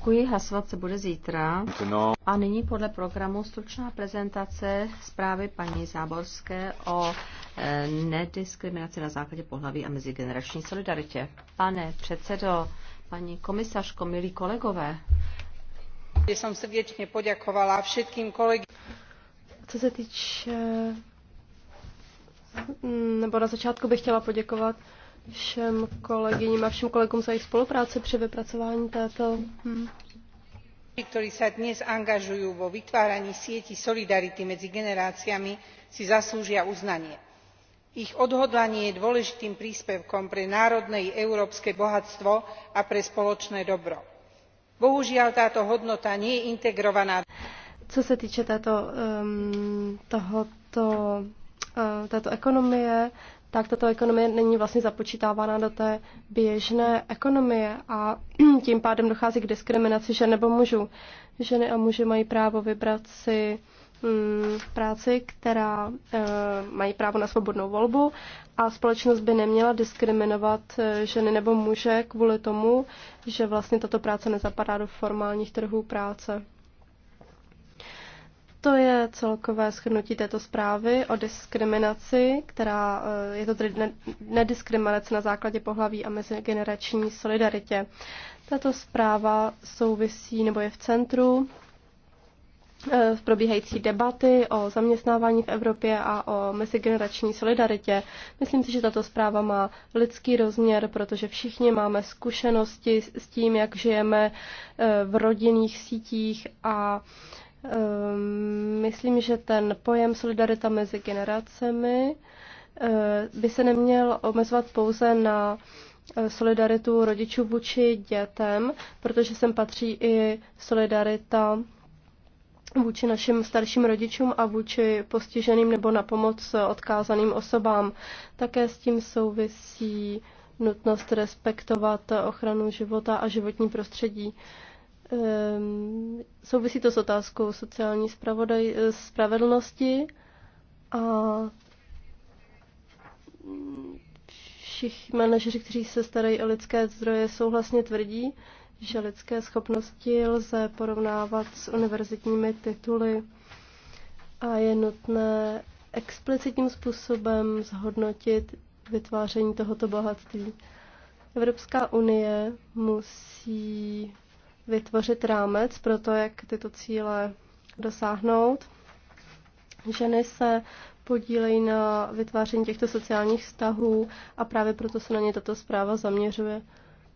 Děkuji, hlasovat se bude zítra. No. A nyní podle programu stručná prezentace zprávy paní Záborské o eh, nediskriminaci na základě pohlaví a mezigenerační solidaritě. Pane předsedo, paní komisařko, milí kolegové. Jsem srdečně poděkovala všem kolegům. Co se týče, mm, nebo na začátku bych chtěla poděkovat všem kolegyním a všem kolegům za jejich spolupráci při vypracování této. Hm. Tí, se sa dnes angažují vo vytváraní sieti solidarity mezi generáciami, si zaslouží uznání. Ich odhodlanie je dôležitým príspevkom pre národné i európske bohatstvo a pre spoločné dobro. Bohužiaľ táto hodnota nie je integrovaná. Co se týče této, um, tohoto Eh, této ekonomie, tak tato ekonomie není vlastně započítávána do té běžné ekonomie a tím pádem dochází k diskriminaci žen nebo mužů. Ženy a muži mají právo vybrat si mm, práci, která eh, mají právo na svobodnou volbu a společnost by neměla diskriminovat eh, ženy nebo muže kvůli tomu, že vlastně tato práce nezapadá do formálních trhů práce. To je celkové schrnutí této zprávy o diskriminaci, která eh, je to tedy nediskriminace na základě pohlaví a mezigenerační solidaritě. Tato zpráva souvisí nebo je v centru eh, v probíhající debaty o zaměstnávání v Evropě a o mezigenerační solidaritě. Myslím si, že tato zpráva má lidský rozměr, protože všichni máme zkušenosti s tím, jak žijeme eh, v rodinných sítích a Ehm, myslím, že ten pojem solidarita mezi generacemi eh, by se neměl omezovat pouze na eh, solidaritu rodičů vůči dětem, protože sem patří i solidarita vůči našim starším rodičům a vůči postiženým nebo na pomoc odkázaným osobám. Také s tím souvisí nutnost respektovat ochranu života a životní prostředí. Ehm, souvisí to s otázkou sociální spravodaj, eh, spravedlnosti a všichni manažeři, kteří se starají o lidské zdroje, souhlasně tvrdí, že lidské schopnosti lze porovnávat s univerzitními tituly a je nutné explicitním způsobem zhodnotit vytváření tohoto bohatství. Evropská unie musí vytvořit rámec pro to, jak tyto cíle dosáhnout. Ženy se podílejí na vytváření těchto sociálních vztahů a právě proto se na ně tato zpráva zaměřuje.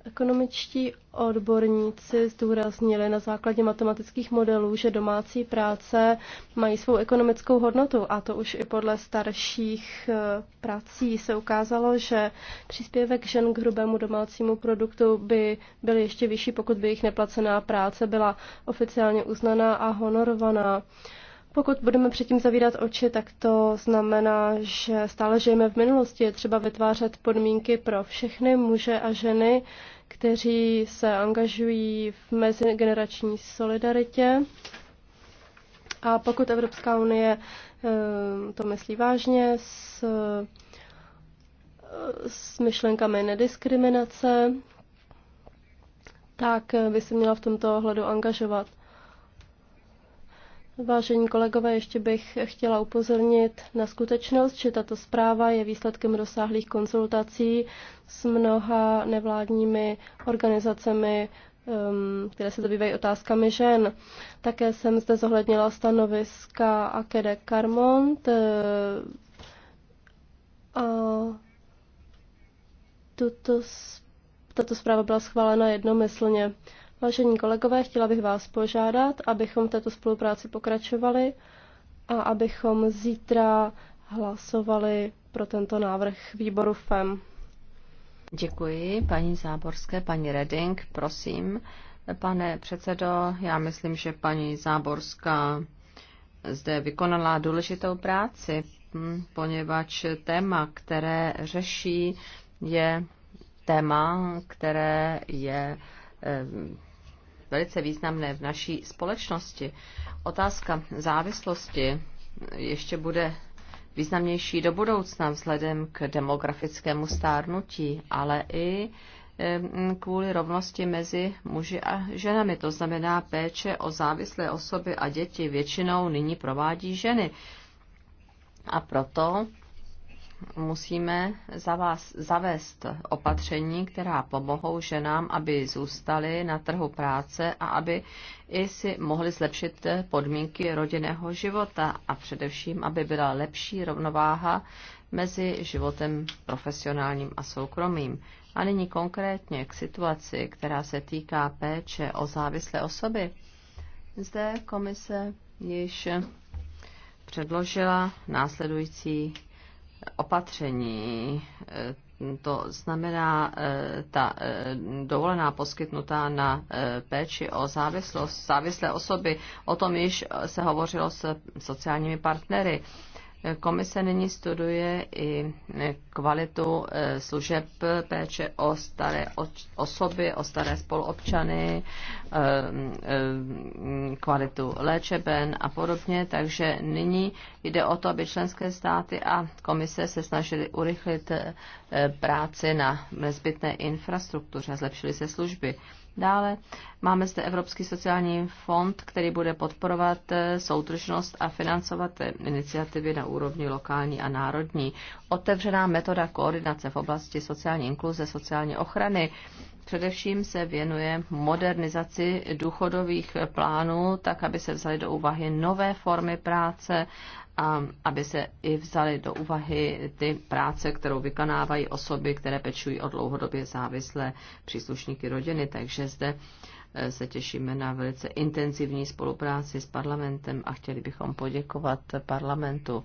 Ekonomičtí odborníci zdůraznili na základě matematických modelů, že domácí práce mají svou ekonomickou hodnotu a to už i podle starších eh, prací se ukázalo, že příspěvek žen k hrubému domácímu produktu by byl ještě vyšší, pokud by jejich neplacená práce byla oficiálně uznaná a honorovaná. Pokud budeme předtím zavírat oči, tak to znamená, že stále žijeme v minulosti. Je třeba vytvářet podmínky pro všechny muže a ženy, kteří se angažují v mezigenerační solidaritě. A pokud Evropská unie eh, to myslí vážně s, eh, s myšlenkami nediskriminace, tak by se měla v tomto ohledu angažovat. Vážení kolegové, ještě bych chtěla upozornit na skutečnost, že tato zpráva je výsledkem rozsáhlých konzultací s mnoha nevládními organizacemi, um, které se zabývají otázkami žen. Také jsem zde zohlednila stanoviska Akede Carmont eh, a tuto, tato zpráva byla schválena jednomyslně. Vážení kolegové, chtěla bych vás požádat, abychom této spolupráci pokračovali a abychom zítra hlasovali pro tento návrh výboru FEM. Děkuji paní Záborské, paní Reding, prosím. Pane předsedo, já myslím, že paní Záborská zde vykonala důležitou práci, hm, poněvadž téma, které řeší, je téma, které je Eh, velice významné v naší společnosti. Otázka závislosti ještě bude významnější do budoucna vzhledem k demografickému stárnutí, ale i eh, kvůli rovnosti mezi muži a ženami. To znamená, péče o závislé osoby a děti většinou nyní provádí ženy. A proto musíme za vás zavést opatření, která pomohou ženám, aby zůstaly na trhu práce a aby i si mohly zlepšit podmínky rodinného života a především, aby byla lepší rovnováha mezi životem profesionálním a soukromým. A nyní konkrétně k situaci, která se týká péče o závislé osoby. Zde komise již předložila následující opatření, eh, to znamená eh, ta eh, dovolená poskytnutá na péči o závislost, závislé osoby, o tom již se hovořilo s sociálními partnery Komise nyní studuje i kvalitu e, služeb péče o staré osoby, o staré spoluobčany, e, e, kvalitu léčeben a podobně. Takže nyní jde o to, aby členské státy a komise se snažily urychlit práci na nezbytné infrastruktuře zlepšili zlepšily se služby. Dále máme zde Evropský sociální fond, který bude podporovat soudržnost a financovat iniciativy na úrovni úrovni lokální a národní. Otevřená metoda koordinace v oblasti sociální inkluze, sociální ochrany, Především se věnuje modernizaci důchodových plánů, tak aby se vzaly do úvahy nové formy práce a aby se i vzaly do úvahy ty práce, kterou vykonávají osoby, které pečují o dlouhodobě závislé příslušníky rodiny. Takže zde Eh, se těšíme na velice intenzivní spolupráci s parlamentem a chtěli bychom poděkovat parlamentu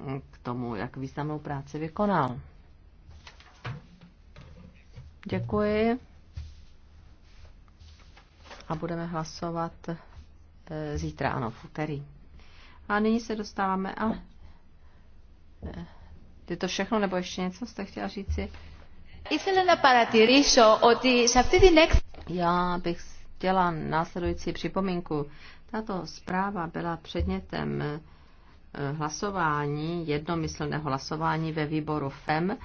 mm, k tomu, jak významnou práci vykonal. Děkuji. A budeme hlasovat eh, zítra, ano, v úterý. A nyní se dostáváme a... Eh, je to všechno, nebo ještě něco jste chtěla říci? Ήθελα να παρατηρήσω ότι σε αυτή την έκθεση já bych chtěla následující připomínku. Tato zpráva byla předmětem eh, hlasování, jednomyslného hlasování ve výboru FEM,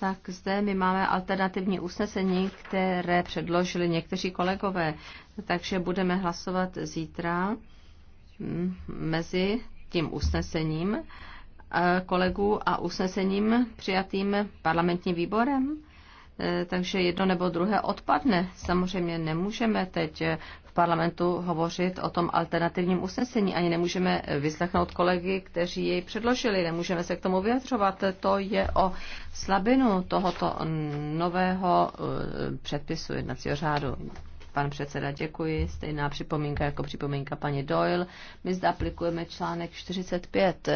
tak zde my máme alternativní usnesení, které předložili někteří kolegové. Takže budeme hlasovat zítra hm, mezi tím usnesením eh, kolegů a usnesením přijatým parlamentním výborem. Eh, takže jedno nebo druhé odpadne. Samozřejmě nemůžeme teď eh, v parlamentu hovořit o tom alternativním usnesení, ani nemůžeme eh, vyslechnout kolegy, kteří jej předložili, nemůžeme se k tomu vyjadřovat. To je o slabinu tohoto nového předpisu jednacího řádu. Pan předseda, děkuji. Stejná připomínka jako připomínka paní Doyle. My zde aplikujeme článek 45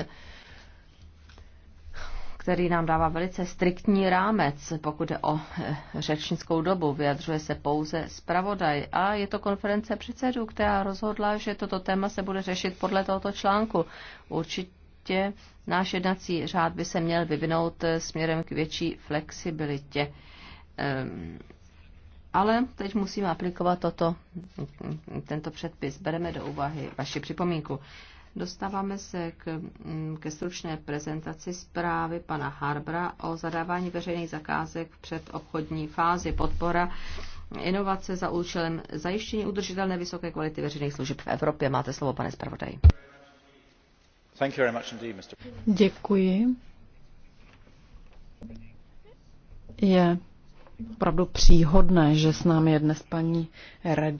který nám dává velice striktní rámec, pokud je o eh, řečnickou dobu. Vyjadřuje se pouze zpravodaj a je to konference předsedů, která rozhodla, že toto téma se bude řešit podle tohoto článku. Určitě náš jednací řád by se měl vyvinout eh, směrem k větší flexibilitě. Ehm, ale teď musíme aplikovat toto, tento předpis. Bereme do úvahy vaši připomínku. Dostáváme se k, mm, ke stručné prezentaci zprávy pana Harbra o zadávání veřejných zakázek před obchodní fázi podpora inovace za účelem zajištění udržitelné vysoké kvality veřejných služeb v Evropě. Máte slovo, pane zpravodaj. Děkuji. Je opravdu příhodné, že s námi je dnes paní Red